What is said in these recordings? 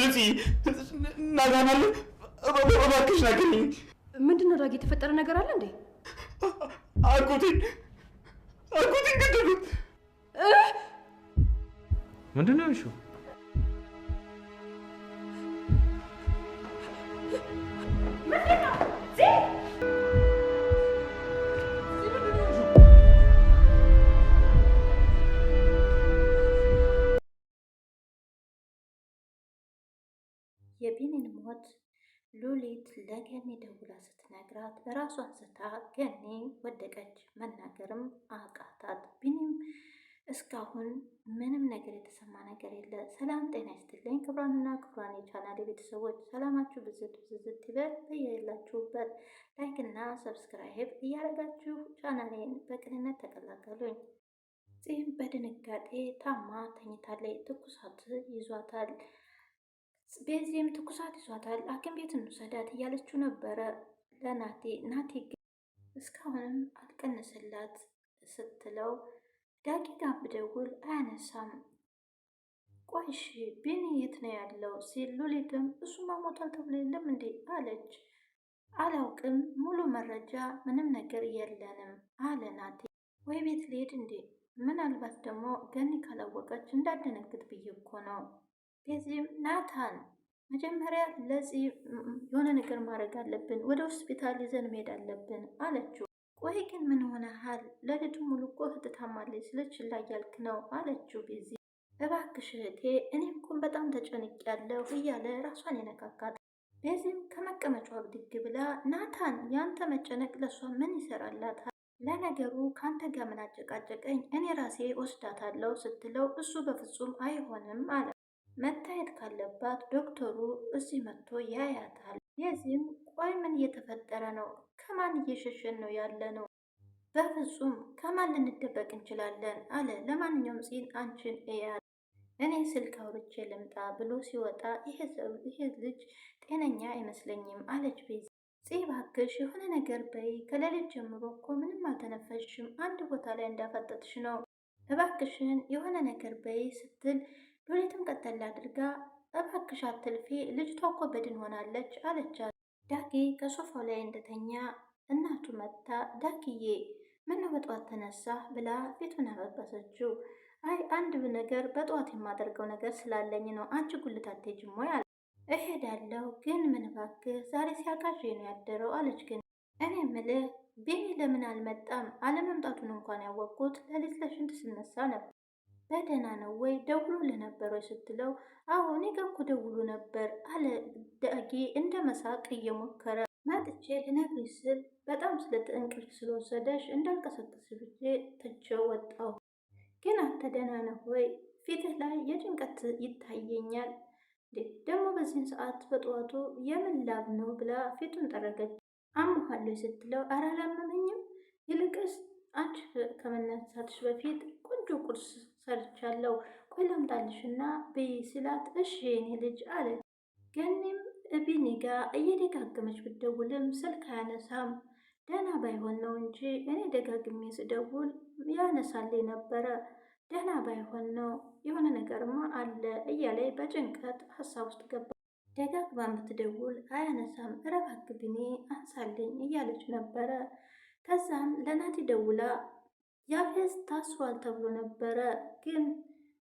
ሉሲ ናጋናል እባክሽ ናገሪኝ። ምንድን ነው ዳጊ? የተፈጠረ ነገር አለ እንዴ? አጎቴን አጎቴን ገደሉት። ምንድን ነው ለገኒ ደውላ ስትነግራት ራሷን ስታ ገኒ ወደቀች። መናገርም አቃታት። ቢኒም እስካሁን ምንም ነገር የተሰማ ነገር የለ። ሰላም ጤና ይስጥልኝ ክብራንና ክብራን የቻናል ቤተሰቦች ሰላማችሁ ብዝት ብዝት ይበል። በየሌላችሁበት ላይክና ሰብስክራይብ እያደረጋችሁ ቻናሌን በቅንነት ተቀላቀሉኝ። ፂም በድንጋጤ ታማ ተኝታለች። ትኩሳት ይዟታል። ቤዚም ትኩሳት ይዟታል፣ ሐኪም ቤት እንውሰዳት እያለችው ነበረ ለናቴ። ናቴ እስካሁንም አልቀንስላት ስትለው ደቂቃ ብደውል አያነሳም። ቆይሽ ቢኒ የት ነው ያለው ሲል ሉሊትም እሱማ ሞቷል ተብሎ የለም እንዴ አለች። አላውቅም፣ ሙሉ መረጃ ምንም ነገር የለንም አለ ናቴ። ወይ ቤት ልሄድ እንዴ? ምናልባት ደግሞ ገኒ ካላወቀች እንዳደነግጥ ብዬ እኮ ነው ቤዚም ናታን መጀመሪያ ለዚህ የሆነ ነገር ማድረግ አለብን፣ ወደ ሆስፒታል ይዘን መሄድ አለብን አለችው። ቆይ ግን ምን ሆነሃል? ለልዱ ሙሉ እኮ እህት ታማለች፣ ስለ ችላ ነው አለችው ቤዚ። እባክሽ እህቴ፣ እኔ እኮ በጣም ተጨንቄያለሁ እያለ ራሷን ይነካካል። ቤዚም ከመቀመጫዋ ብድግ ብላ ናታን፣ ያንተ መጨነቅ ለእሷ ምን ይሰራላታል? ለነገሩ ከአንተ ጋር ምን አጨቃጨቀኝ? እኔ ራሴ ወስዳታለሁ ስትለው እሱ በፍጹም አይሆንም አለ መታየት ካለባት ዶክተሩ እዚህ መጥቶ ያያታል። የዚህም ቆይ ምን እየተፈጠረ ነው? ከማን እየሸሸን ነው ያለ ነው? በፍጹም ከማን ልንደበቅ እንችላለን? አለ። ለማንኛውም ጽን አንቺን እያለ እኔ ስልክ አውርቼ ልምጣ ብሎ ሲወጣ ይሄ ልጅ ጤነኛ አይመስለኝም አለች ቤዛ። ጽ ባክሽ የሆነ ነገር በይ። ከሌሊት ጀምሮ እኮ ምንም አልተነፈሽም። አንድ ቦታ ላይ እንዳፈጠጥሽ ነው። እባክሽን የሆነ ነገር በይ ስትል ሉሊትም ቀጠል አድርጋ እባክሽ አትልፊ፣ ልጅቷ እኮ በድን ሆናለች አለቻት። ዳጊ ከሶፋው ላይ እንደተኛ እናቱ መጥታ ዳጊዬ ምነው በጠዋት ተነሳ ብላ ፊቱን አበበሰችው። አይ አንድ ነገር በጠዋት የማደርገው ነገር ስላለኝ ነው። አንቺ ጉልት አትሄጂም ወይ? አለ እሄዳለሁ፣ ግን ምን እባክህ ዛሬ ሲያቃዥ ነው ያደረው አለች። ግን እኔ ምልህ ቤኔ ለምን አልመጣም? አለመምጣቱን እንኳን ያወቅኩት ለሊት ለሽንት ስነሳ ነበር። በደህና ነው ወይ ደውሉ ለነበረ ስትለው፣ አዎ እኔ ጋ እኮ ደውሎ ነበር አለ ዳጌ እንደ መሳቅ እየሞከረ። መጥቼ ልነግርሽ ስል በጣም ስለእንቅልፍ ስለወሰደሽ እንዳልቀሰቅስ ብዬ ትቼው ወጣሁ። ግን አንተ ደህና ነህ ወይ? ፊትህ ላይ የጭንቀት ይታየኛል። ደግሞ በዚህን ሰዓት በጠዋቱ የምን ላብ ነው ብላ ፊቱን ጠረገች። አሞሃለሁ ስትለው አረ አላመመኝም፣ ይልቅስ አንቺ ከመነሳትሽ በፊት ቆንጆ ቁርስ ሰርቻለሁ፣ ቆይ ላምጣልሽ እና ብይ ስላት እሺ የኔ ልጅ አለ። ገኒም ቢኒ ጋ እየደጋገመች ብትደውልም ስልክ አያነሳም። ደህና ባይሆን ነው እንጂ እኔ ደጋግሜ ስደውል ያነሳልኝ ነበረ። ደህና ባይሆን ነው የሆነ ነገርማ አለ እያለ በጭንቀት ሀሳብ ውስጥ ገባ። ደጋግማን ብትደውል አያነሳም። እባክህ ቢኒ አንሳልኝ እያለች ነበረ። ከዛም ለናቲ ደውላ ያፌዝ ታስሯል ተብሎ ነበረ፣ ግን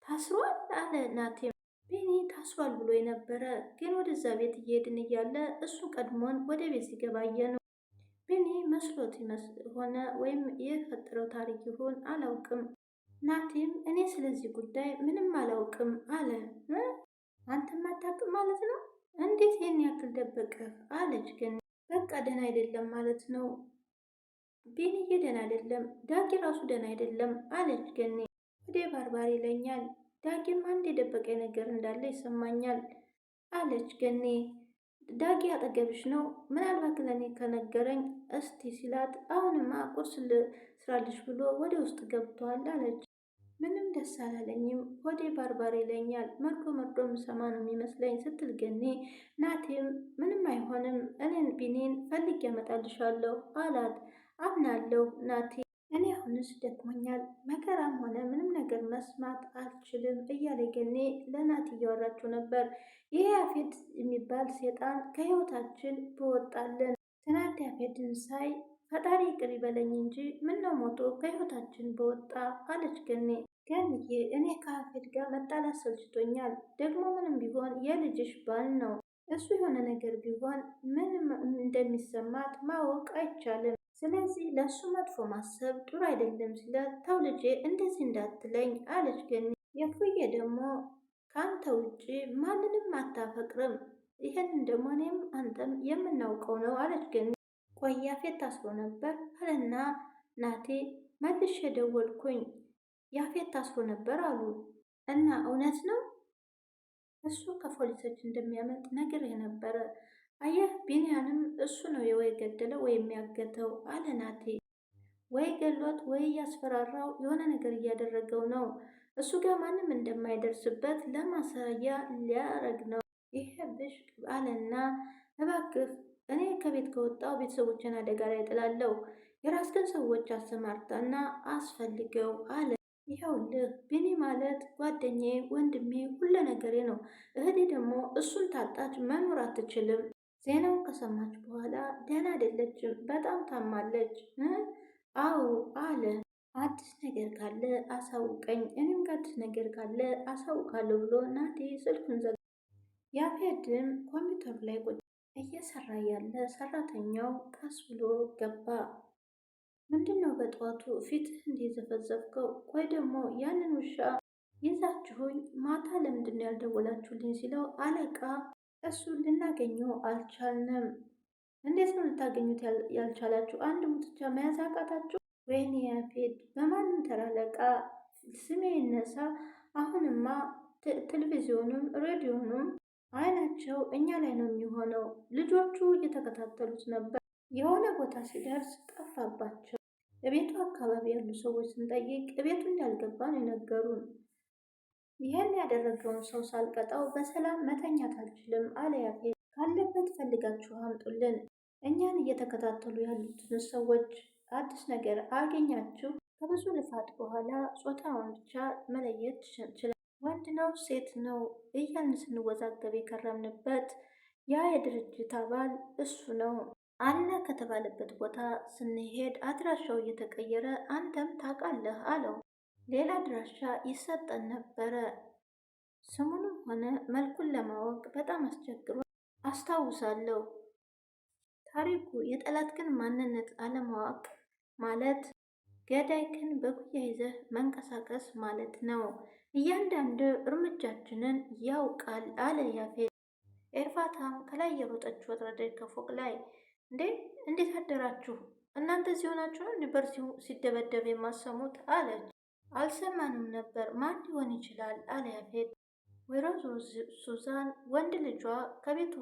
ታስሯል አለ ናቴም። ቤኒ ታስሯል ብሎ የነበረ ግን ወደዛ ቤት እየሄድን እያለ እሱ ቀድሞን ወደ ቤት ሲገባየ ነው። ቤኒ መስሎት ሆነ ወይም የፈጠረው ታሪክ ይሆን አላውቅም። ናቴም እኔ ስለዚህ ጉዳይ ምንም አላውቅም አለ። አንተም አታውቅም ማለት ነው? እንዴት ይህን ያክል ደበቀ? አለች ግን በቃ ደህና አይደለም ማለት ነው ቤንዬ ደህና አይደለም፣ ዳጊ ራሱ ደህና አይደለም አለች ገኒ። ወደ ባርባር ይለኛል፣ ዳጊም አንድ የደበቀ ነገር እንዳለ ይሰማኛል አለች ገኒ። ዳጊ አጠገብሽ ነው? ምናልባት ለኔ ከነገረኝ እስቲ ሲላት፣ አሁንማ ቁርስ ስራልሽ ብሎ ወደ ውስጥ ገብቷል አለች። ምንም ደስ አላለኝም፣ ሆዴ ባርባር ይለኛል፣ መርዶ መርዶ ሰማ ነው የሚመስለኝ ስትል ገኔ ናቴም ምንም አይሆንም፣ እኔን ቢኔን ፈልጌ ያመጣልሻለሁ አላት። አምናለሁ ናቴ። እኔ አሁንስ ደክሞኛል፣ መከራም ሆነ ምንም ነገር መስማት አልችልም እያለ ገኔ ለናት እያወራችው ነበር። ይሄ ያፌት የሚባል ሴጣን ከህይወታችን በወጣለን። ትናንት ያፌትን ሳይ ፈጣሪ ይቅር ይበለኝ እንጂ ምነው ሞቶ ከህይወታችን በወጣ አለች ገኔ። ገንዬ እኔ ከያፌት ጋር መጣላት ሰልችቶኛል። ደግሞ ምንም ቢሆን የልጅሽ ባል ነው። እሱ የሆነ ነገር ቢሆን ምንም እንደሚሰማት ማወቅ አይቻልም። ስለዚህ ለሱ መጥፎ ማሰብ ጥሩ አይደለም ሲላት ተው ልጄ እንደዚህ እንዳትለኝ አለች ገኒ። የፉዬ ደግሞ ከአንተ ውጭ ማንንም አታፈቅርም፣ ይህንን ደግሞ እኔም አንተም የምናውቀው ነው አለች ገኒ። ቆይ ያፌት ታስሮ ነበር አለና ናቴ መልሼ ደወልኩኝ። ያፌት ታስሮ ነበር አሉ እና እውነት ነው እሱ ከፖሊሶች እንደሚያመልጥ ነግሬ ነበረ አየህ ቢንያንም እሱ ነው ወይ ገደለው ወይ የሚያገተው አለ ናቴ ወይ ገሎት ወይ እያስፈራራው የሆነ ነገር እያደረገው ነው። እሱ ጋር ማንም እንደማይደርስበት ለማሳያ ሊያረግ ነው ይሄ ብሽቅ አለና፣ እባክህ እኔ ከቤት ከወጣው ቤተሰቦችን አደጋ ላይ ጥላለው። የራስህን ሰዎች አሰማርተና አስፈልገው አለ። ይኸውልህ ቢኒ ማለት ጓደኛዬ፣ ወንድሜ፣ ሁለ ነገሬ ነው። እህቴ ደግሞ እሱን ታጣች መኖር አትችልም። ዜናውን ከሰማች በኋላ ደህና አይደለችም፣ በጣም ታማለች። አዎ አለ። አዲስ ነገር ካለ አሳውቀኝ፣ እኔም ከአዲስ ነገር ካለ አሳውቃለሁ ብሎ ናቲ ስልኩን ዘ ያፌድም ኮምፒውተሩ ላይ ቁጭ እየሰራ ያለ ሰራተኛው ቀስ ብሎ ገባ። ምንድን ነው በጠዋቱ ፊትህ እንደዘፈዘፍከው? ቆይ ደግሞ ያንን ውሻ ይዛችሁኝ ማታ ለምንድን ነው ያልደወላችሁልኝ? ሲለው አለቃ እሱን ልናገኘው አልቻልንም። እንዴት ነው ልታገኙት ያልቻላችሁ? አንድ ሙትቻ መያዝ አቃታችሁ? ወይኔ ያፌድ፣ በማንም ተራለቃ ስሜ ይነሳ። አሁንማ ቴሌቪዥኑም ሬዲዮኑም አይናቸው እኛ ላይ ነው የሚሆነው። ልጆቹ እየተከታተሉት ነበር። የሆነ ቦታ ሲደርስ ጠፋባቸው። እቤቱ አካባቢ ያሉ ሰዎች ስንጠይቅ እቤቱ እንዳልገባ ነው የነገሩን። ይህን ያደረገውን ሰው ሳልቀጣው በሰላም መተኛት አልችልም አለ ያፌት። ካለበት ፈልጋችሁ አምጡልን። እኛን እየተከታተሉ ያሉትን ሰዎች አዲስ ነገር አገኛችሁ። ከብዙ ልፋት በኋላ ጾታውን ብቻ መለየት ችላል። ወንድ ነው ሴት ነው እያልን ስንወዛገብ የከረምንበት ያ የድርጅት አባል እሱ ነው አለ ከተባለበት ቦታ ስንሄድ አድራሻው እየተቀየረ አንተም ታውቃለህ አለው። ሌላ አድራሻ ይሰጠን ነበረ። ስሙንም ሆነ መልኩን ለማወቅ በጣም አስቸግሮ አስታውሳለሁ። ታሪኩ የጠላትክን ማንነት አለማወቅ ማለት ገዳይክን በጉያ ይዘህ መንቀሳቀስ ማለት ነው። እያንዳንዱ እርምጃችንን ያውቃል አለ ያፌት። ኤርፋታም ከላይ የሮጠች ወረደች ከፎቅ ላይ። እንዴ እንዴት አደራችሁ እናንተ? እዚህ ሆናችሁ ሲደበደብ የማሰሙት አለች። አልሰማንም ነበር። ማን ሊሆን ይችላል አለ ያፌት። ወይዘሮ ሱዛን ወንድ ልጇ ከቤቱ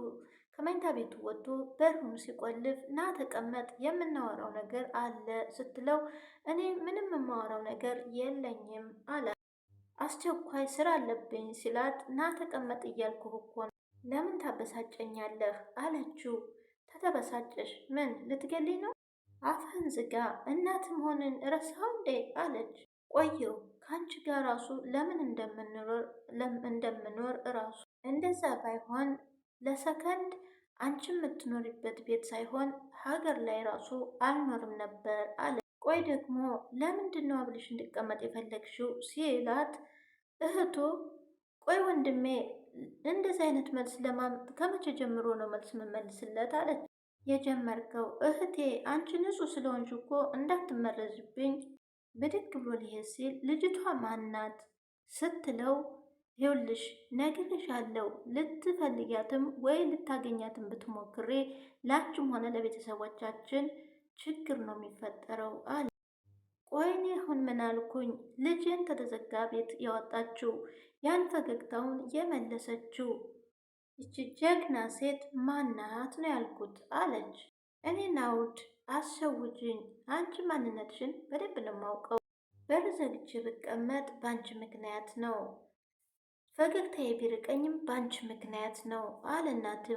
ከመኝታ ቤቱ ወጥቶ በሩን ሲቆልፍ ና ተቀመጥ፣ የምናወራው ነገር አለ ስትለው እኔ ምንም የማወራው ነገር የለኝም አለ አስቸኳይ ስራ አለብኝ ሲላት ና ተቀመጥ እያልኩህ እኮ ለምን ታበሳጨኛለህ አለችው። ተተበሳጨሽ ምን ልትገሊ ነው? አፍህን ዝጋ። እናትም ሆንን ረሳው እንዴ አለች። ቆየው ከአንቺ ጋር ራሱ ለምን እንደምኖር እራሱ እንደዛ ባይሆን ለሰከንድ አንቺ የምትኖሪበት ቤት ሳይሆን ሀገር ላይ ራሱ አልኖርም ነበር አለ። ቆይ ደግሞ ለምንድን ነው አብልሽ እንድቀመጥ የፈለግሽው ሲላት እህቱ ቆይ ወንድሜ እንደዚህ አይነት መልስ ለማምጥ ከመቼ ጀምሮ ነው መልስ የምመልስለት? አለች የጀመርከው እህቴ አንቺ ንጹህ ስለሆንሽ እኮ እንዳትመረዝብኝ ብድግ ብሎ ሊሄድ ሲል ልጅቷ ማናት ስትለው ይኸውልሽ አለው ልትፈልጊያትም ወይ ልታገኛትም ብትሞክሬ ላችም ሆነ ለቤተሰቦቻችን ችግር ነው የሚፈጠረው አለ። ቆይኔ አሁን ምን አልኩኝ? ልጄን ከተዘጋ ቤት ያወጣችው ያን ፈገግታውን የመለሰችው ይቺ ጀግና ሴት ማናት ነው ያልኩት አለች። እኔ ናውድ አሰውጅኝ። አንቺ ማንነትሽን በደንብ ነው የማውቀው። በር ዘግቼ ብቀመጥ በአንቺ ምክንያት ነው። ፈገግታዬ ቢርቀኝም በአንቺ ምክንያት ነው አለናት።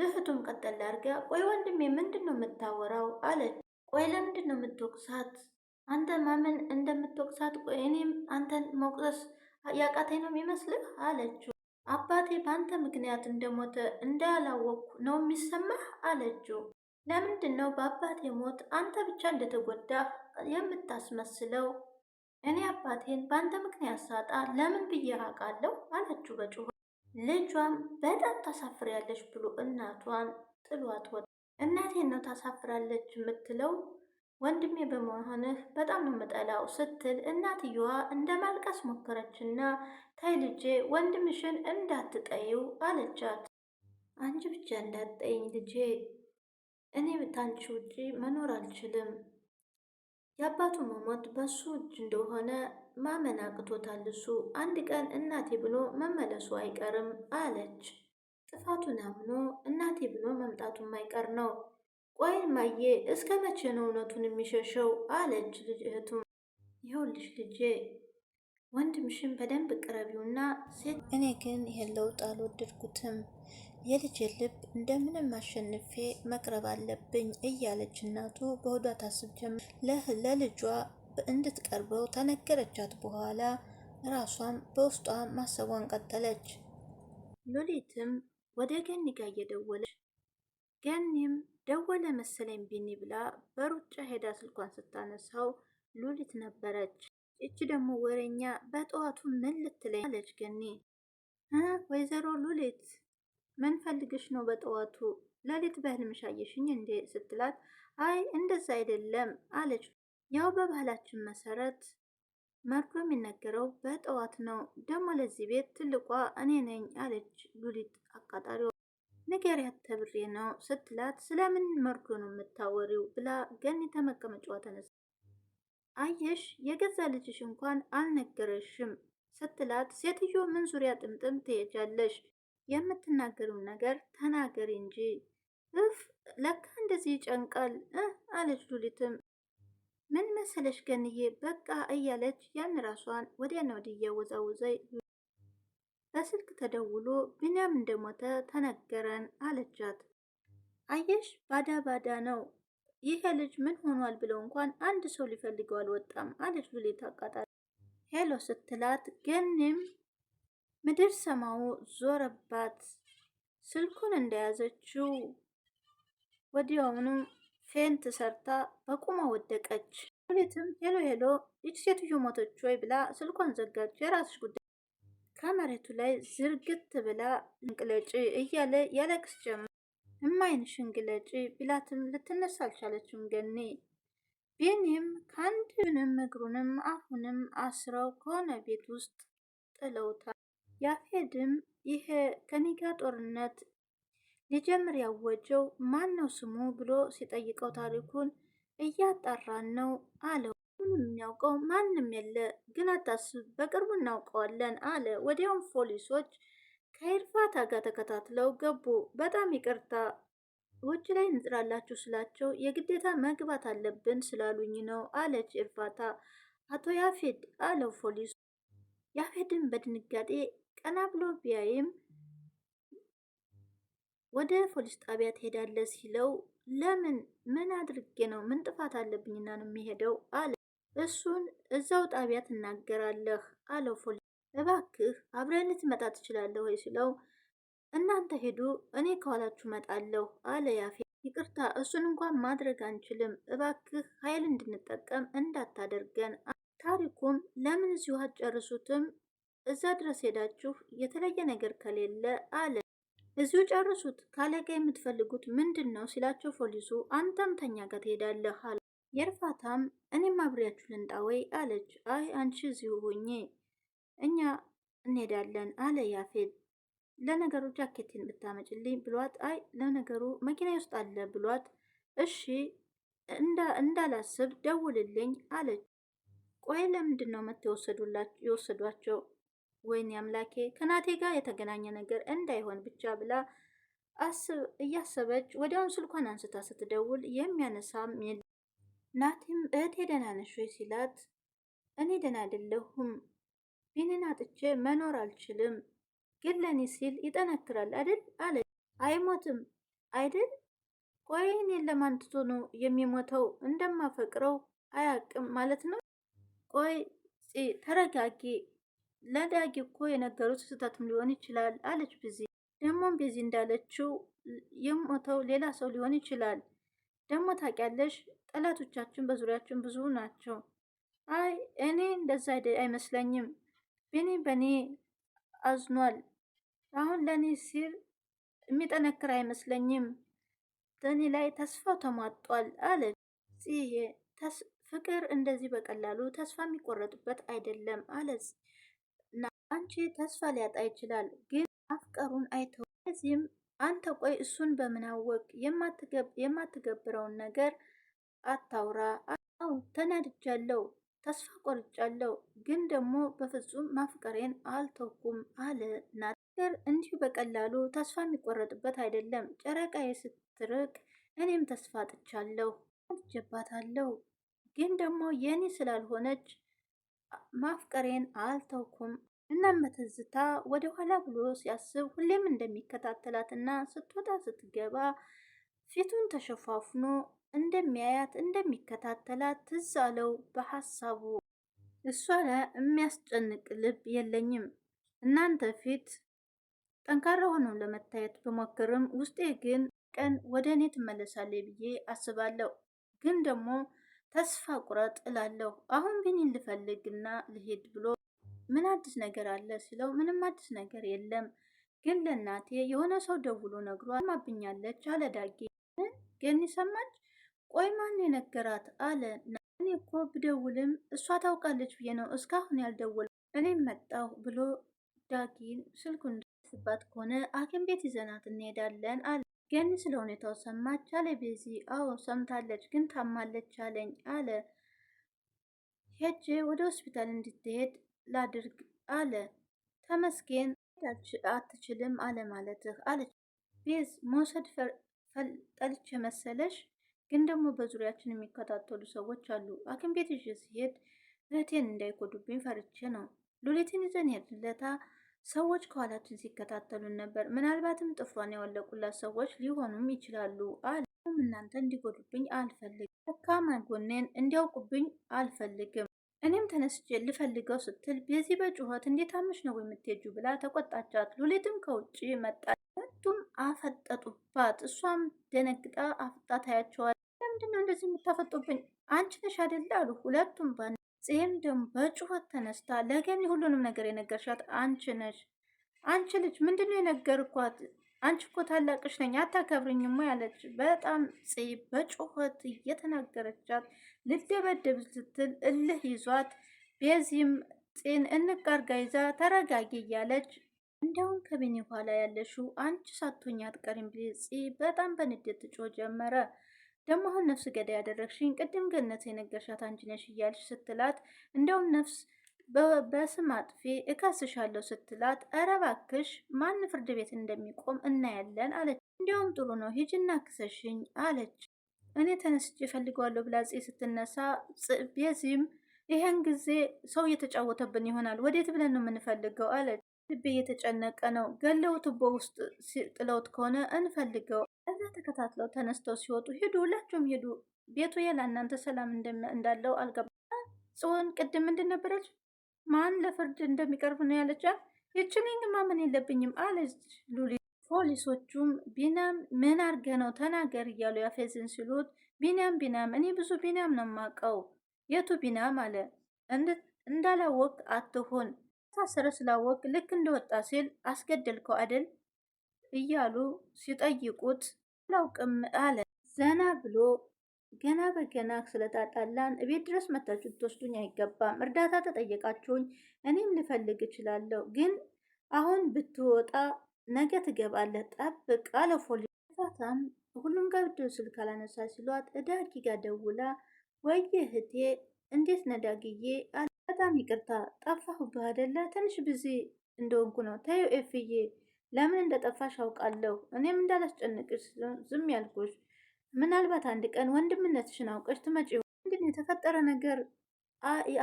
ልህቱም ቀጠል አድርጋ ቆይ ወንድሜ ምንድን ነው የምታወራው አለች። ቆይ ለምንድን ነው የምትወቅሳት አንተ ማመን እንደምትወቅሳት ቆይ እኔም አንተን መቁሰስ ያቃተኝ ነው የሚመስልህ አለችው። አባቴ በአንተ ምክንያት እንደሞተ እንዳላወቅኩ ነው የሚሰማህ አለችው። ለምንድን ነው በአባቴ ሞት አንተ ብቻ እንደተጎዳ የምታስመስለው? እኔ አባቴን በአንተ ምክንያት ሳጣ ለምን ብዬ አውቃለሁ አለችው በጩኸት ልጇም በጣም ታሳፍሪያለች ብሎ እናቷን ጥሏት ወጣ። እናቴን ነው ታሳፍራለች የምትለው ወንድሜ በመሆንህ በጣም ነው የምጠላው ስትል እናትየዋ እንደ ማልቀስ ሞከረችና ታይ ልጄ ወንድምሽን እንዳትጠይው አለቻት። አንቺ ብቻ እንዳትጠይኝ ልጄ እኔ ታንቺ ውጪ መኖር አልችልም። የአባቱ መሞት በሱ እጅ እንደሆነ ማመን አቅቶታል። እሱ አንድ ቀን እናቴ ብሎ መመለሱ አይቀርም አለች። ጥፋቱን አምኖ እናቴ ብሎ መምጣቱ የማይቀር ነው። ቆይ ማዬ፣ እስከ መቼ ነው እውነቱን የሚሸሸው? አለች ልጅ እህቱም ይኸውልሽ ልጄ ወንድምሽን በደንብ ቅረቢውና ሴት እኔ ግን ይህን ለውጥ አልወደድኩትም። የልጅ ልብ እንደምንም አሸንፌ መቅረብ አለብኝ እያለች እናቱ በሆዷ ታስብ ጀመር። ለልጇ እንድትቀርበው ተነገረቻት። በኋላ ራሷም በውስጧ ማሰቧን ቀጠለች። ሉሊትም ወደ ገኒ ጋር እየደወለች ገኒም ደወለ መሰለኝ ቢኒ ብላ በሩጫ ሄዳ ስልኳን ስታነሳው ሉሊት ነበረች። እቺ ደግሞ ወሬኛ በጠዋቱ ምን ልትለኝ አለች ገኒ ወይዘሮ ሉሊት ምን ፈልግሽ ነው በጠዋቱ? ለሊት በህልምሽ አየሽኝ እንዴ ስትላት፣ አይ እንደዛ አይደለም አለች። ያው በባህላችን መሰረት መርዶ የሚነገረው በጠዋት ነው፣ ደግሞ ለዚህ ቤት ትልቋ እኔ ነኝ አለች ሉሊት። አቃጣሪው ንገሪያት ተብሬ ነው ስትላት፣ ስለምን መርዶ ነው የምታወሪው ብላ ገኒ ተመቀመጫዋ ተነሳ። አየሽ የገዛ ልጅሽ እንኳን አልነገረሽም ስትላት፣ ሴትዮ ምን ዙሪያ ጥምጥም ትሄጃለሽ የምትናገሪውን ነገር ተናገሪ እንጂ። እፍ ለካ እንደዚህ ይጨንቃል አለች ሉሊትም። ምን መሰለሽ ገንዬ በቃ እያለች ያን ራሷን ወዲያና ወዲህ እያወዛወዘይ በስልክ ተደውሎ ቢንያም እንደሞተ ተነገረን አለቻት። አየሽ ባዳ ባዳ ነው ይሄ ልጅ ምን ሆኗል ብለው እንኳን አንድ ሰው ሊፈልገው አልወጣም አለች ሉሊት አቃጣ ሄሎ ስትላት ገንም ምድር ሰማው ዞረባት። ስልኩን እንደያዘችው ወዲያውኑ ፌንት ሰርታ በቁማ ወደቀች። ሁኔትም ሄሎ ሄሎ፣ ይቺ ሴትዮ ሞተች ወይ ብላ ስልኳን ዘጋች። የራስሽ ጉዳይ ከመሬቱ ላይ ዝርግት ብላ እንቅለጭ እያለ ያለቅስ ጀመር። እማይንሽን ግለጭ ቢላትም ልትነሳ አልቻለችም። ገኒ ቢኒም ከአንድንም እግሩንም አፉንም አስረው ከሆነ ቤት ውስጥ ጥለውታል። ያፌድም ይሄ ከኔ ጋር ጦርነት ሊጀምር ያወጀው ማን ነው ስሙ ብሎ ሲጠይቀው ታሪኩን እያጣራን ነው አለው። ምንም የሚያውቀው ማንም የለ፣ ግን አታስብ፣ በቅርቡ እናውቀዋለን አለ። ወዲያውም ፖሊሶች ከኤርፋታ ጋር ተከታትለው ገቡ። በጣም ይቅርታ ውጭ ላይ እንጥራላችሁ ስላቸው የግዴታ መግባት አለብን ስላሉኝ ነው አለች ኤርፋታ። አቶ ያፌድ አለው ፖሊሱ። ያፌድን በድንጋጤ ቀና ብሎ ቢያይም ወደ ፖሊስ ጣቢያ ትሄዳለህ ሲለው ለምን ምን አድርጌ ነው ምን ጥፋት አለብኝና ነው የሚሄደው አለ እሱን እዛው ጣቢያ ትናገራለህ አለው ፖሊስ እባክህ አብረን ልትመጣ ትችላለህ ወይ ሲለው እናንተ ሄዱ እኔ ከኋላችሁ መጣለሁ አለ ያፌ ይቅርታ እሱን እንኳን ማድረግ አንችልም እባክህ ኃይል እንድንጠቀም እንዳታደርገን ታሪኩም ለምን እዚሁ አጨርሱትም? እዛ ድረስ ሄዳችሁ የተለየ ነገር ከሌለ አለ እዚሁ ጨርሱት፣ ካለቃ የምትፈልጉት ምንድን ነው ሲላቸው ፖሊሱ አንተም ተኛ ጋር ትሄዳለህ አለ። የእርፋታም እኔም አብሬያችሁ ልንጣ ወይ አለች። አይ አንቺ እዚሁ ሆኜ እኛ እንሄዳለን አለ ያፌት። ለነገሩ ጃኬቴን ብታመጭልኝ ብሏት፣ አይ ለነገሩ መኪና ውስጥ አለ ብሏት፣ እሺ እንዳላስብ ደውልልኝ አለች። ቆይ ለምንድን ነው መት የወሰዷቸው? ወይኔ አምላኬ ከናቴ ጋር የተገናኘ ነገር እንዳይሆን ብቻ ብላ እያሰበች ወዲያውን ስልኳን አንስታ ስትደውል የሚያነሳም ናቲም እህቴ ደህና ነሽ ወይ ሲላት እኔ ደህና አይደለሁም ቢንን አጥቼ መኖር አልችልም ግን ለእኔ ሲል ይጠነክራል አይደል አለ አይሞትም አይደል ቆይ እኔን ለማን ትቶ ነው የሚሞተው እንደማፈቅረው አያቅም ማለት ነው ቆይ ተረጋጊ ለዳጊ እኮ የነገሩት ስህተትም ሊሆን ይችላል አለች ቢዚ። ደግሞም ቢዚ እንዳለችው የሞተው ሌላ ሰው ሊሆን ይችላል። ደግሞ ታውቂያለሽ፣ ጠላቶቻችን በዙሪያችን ብዙ ናቸው። አይ እኔ እንደዛ አይመስለኝም። ቤኒ በኔ አዝኗል። አሁን ለእኔ ሲል የሚጠነክር አይመስለኝም። በእኔ ላይ ተስፋው ተሟጧል አለች ጽዬ። ፍቅር እንደዚህ በቀላሉ ተስፋ የሚቆረጥበት አይደለም አለ አንቺ ተስፋ ሊያጣ ይችላል፣ ግን አፍቀሩን አይተው ከዚህም አንተ ቆይ እሱን በምናወቅ የማትገብረውን ነገር አታውራ። አው ተናድጃለው፣ ተስፋ ቆርጫለው ግን ደግሞ በፍጹም ማፍቀሬን አልተውኩም አለ ናገር። እንዲሁ በቀላሉ ተስፋ የሚቆረጥበት አይደለም። ጨረቃዬ ስትርቅ እኔም ተስፋ አጥቻለሁ፣ አልጀባታለሁ፣ ግን ደግሞ የኔ ስላልሆነች ማፍቀሬን አልተውኩም እናም በተዝታ ወደ ኋላ ብሎ ሲያስብ ሁሌም እንደሚከታተላትና ስትወጣ ስትገባ ፊቱን ተሸፋፍኖ እንደሚያያት እንደሚከታተላት ትዝ አለው በሀሳቡ። እሷ ላይ የሚያስጨንቅ ልብ የለኝም እናንተ ፊት ጠንካራ ሆኖ ለመታየት ብሞክርም ውስጤ ግን ቀን ወደ እኔ ትመለሳለች ብዬ አስባለሁ። ግን ደግሞ ተስፋ ቁረጥ እላለሁ። አሁን ቢኒን ልፈልግና ልሄድ ብሎ ምን አዲስ ነገር አለ ሲለው ምንም አዲስ ነገር የለም፣ ግን ለእናቴ የሆነ ሰው ደውሎ ነግሯል ማብኛለች አለ ዳጌ። ገኒ ሰማች። ቆይ ማን የነገራት አለ። እኔ እኮ ብደውልም እሷ ታውቃለች ብዬ ነው እስካሁን ያልደወል እኔም መጣሁ ብሎ ዳጊን ስልኩን እንዳይስባት ከሆነ ሐኪም ቤት ይዘናት እንሄዳለን አለ። ገኒ ስለ ሁኔታው ሰማች አለ ቤዚ። አዎ ሰምታለች፣ ግን ታማለች አለኝ አለ ሄጄ ወደ ሆስፒታል እንድትሄድ ላድርግ አለ። ተመስገን አትችልም አለማለትህ አለች ቤዝ። መውሰድ ጠልቼ መሰለሽ፣ ግን ደግሞ በዙሪያችን የሚከታተሉ ሰዎች አሉ። ሐኪም ቤት ይዤ ሲሄድ እህቴን እንዳይጎዱብኝ ፈርቼ ነው። ሉሊትን ይዘን ሄድለታ ሰዎች ከኋላችን ሲከታተሉን ነበር። ምናልባትም ጥፍሯን የወለቁላት ሰዎች ሊሆኑም ይችላሉ አለ። እናንተ እንዲጎዱብኝ አልፈልግም። ደካማ ጎኔን እንዲያውቁብኝ አልፈልግም። ተነስቼ ልፈልገው ስትል በዚህ በጩኸት እንዴት አምሽ ነው የምትሄጁ ብላ ተቆጣቻት። ሉሊትም ከውጭ መጣ። ሁለቱም አፈጠጡባት። እሷም ደነግጣ አፍጣ ታያቸዋል። ለምንድነው እንደዚህ የምታፈጡብኝ? አንቺ ነሽ አይደለ አሉ ሁለቱም ባ ጽም ደም በጩኸት ተነስታ ለገኒ ሁሉንም ነገር የነገርሻት አንቺ ነሽ። አንቺ ልጅ ምንድነው የነገርኳት? አንቺ እኮ ታላቅሽ ነኝ አታከብርኝም ወይ በጣም ጽ በጩኸት እየተናገረቻት ልደበደብ ስትል እልህ ይዟት ቤዚም ፂን እንቃርጋ ይዛ ተረጋጊ እያለች እንደውም ከቢኒ ኋላ ያለሽው አንቺ ሳቶኛ አትቀሪም ብዬ በጣም በንዴት ትጮ ጀመረ። ደግሞ አሁን ነፍስ ገዳይ ያደረግሽኝ ቅድም ገነት የነገርሻት አንቺ ነሽ እያልሽ ስትላት እንደውም ነፍስ በስም አጥፌ እከስሻለሁ ስትላት ኧረ እባክሽ ማን ፍርድ ቤት እንደሚቆም እናያለን አለች። እንዲያውም ጥሩ ነው ሂጂና ክሰሽኝ አለች። እኔ ተነስቼ እፈልገዋለሁ ብላ ፂ ስትነሳ ቤዚም ይህን ጊዜ ሰው እየተጫወተብን ይሆናል፣ ወዴት ብለን ነው የምንፈልገው? አለች። ልቤ እየተጨነቀ ነው። ገለው ቱቦ ውስጥ ጥለውት ከሆነ እንፈልገው። እዛ ተከታትለው ተነስተው ሲወጡ ሂዱ፣ ሁላችሁም ሂዱ፣ ቤቱ የላ እናንተ ሰላም እንዳለው አልገባ ጽሆን ቅድም ምንድን ነበረች? ማን ለፍርድ እንደሚቀርብ ነው ያለች። ይችልኝ ማመን የለብኝም አለች ሉሊ። ፖሊሶቹም ቢናም ምን አርገ ነው ተናገር እያሉ ያፌዝን ሲሉት ቢናም ቢናም እኔ ብዙ ቢናም ነው የማውቀው የቱ ቢና አለ እንዳላወቅ አትሆን ታሰረ ስላወቅ ልክ እንደወጣ ሲል አስገደልከው አደል እያሉ ሲጠይቁት ላውቅም አለ። ዘና ብሎ ገና በገና ስለታጣላን እቤት ድረስ መታችሁ ትወስዱኝ አይገባም። እርዳታ ተጠየቃችሁኝ፣ እኔም ልፈልግ እችላለሁ። ግን አሁን ብትወጣ ነገ ትገባለህ፣ ጠብቅ አለ ፎሊ። ሁሉም ጋር ብድር ስልክ አላነሳ ሲሏት እዳጊ ጋር ደውላ ወይዬ እህቴ እንዴት ነዳግዬ አለ። በጣም ይቅርታ ጠፋሁብህ አይደለ? ትንሽ ብዚ እንደወንኩ ነው። ተዩ ኤፍዬ፣ ለምን እንደጠፋሽ አውቃለሁ። እኔም እንዳላስጨንቅሽ ዝም ያልኩሽ፣ ምናልባት አንድ ቀን ወንድምነትሽን አውቀሽ ትመጪ። ግን የተፈጠረ ነገር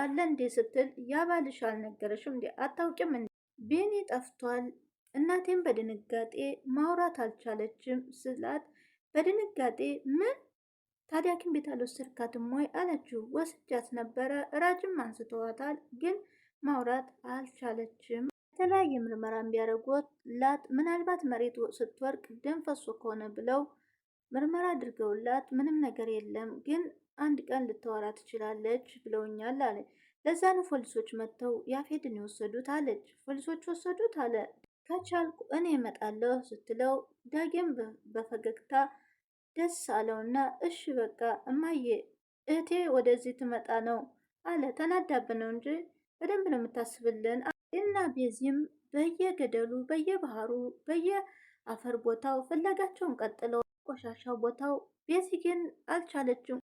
አለ እንዴ ስትል ያባልሽ አልነገረሽም እንዴ? አታውቂም እንዴ? ቤኔ ጠፍቷል። እናቴም በድንጋጤ ማውራት አልቻለችም ስላት በድንጋጤ ምን ታዲያ ሐኪም ቤት አልወሰድካትም ወይ አለችው። ወስጃት ነበረ ራጅም አንስተዋታል፣ ግን ማውራት አልቻለችም። የተለያየ ምርመራን ቢያደርጉት ላት ምናልባት መሬት ስትወርቅ ደም ፈሶ ከሆነ ብለው ምርመራ አድርገውላት ምንም ነገር የለም፣ ግን አንድ ቀን ልታወራ ትችላለች ብለውኛል አለ። ነው ፖሊሶች መጥተው ያፌድን የወሰዱት አለች። ፖሊሶች ወሰዱት አለ። ከቻልኩ እኔ እመጣለሁ ስትለው ዳግም በፈገግታ ደስ አለውና እሺ በቃ እማዬ እህቴ ወደዚህ ትመጣ ነው አለ። ተናዳብ ነው እንጂ በደንብ ነው የምታስብልን። እና ቤዚም በየገደሉ በየባህሩ በየአፈር ቦታው ፍለጋቸውን ቀጥለው ቆሻሻው ቦታው ቤዚ ግን አልቻለችም።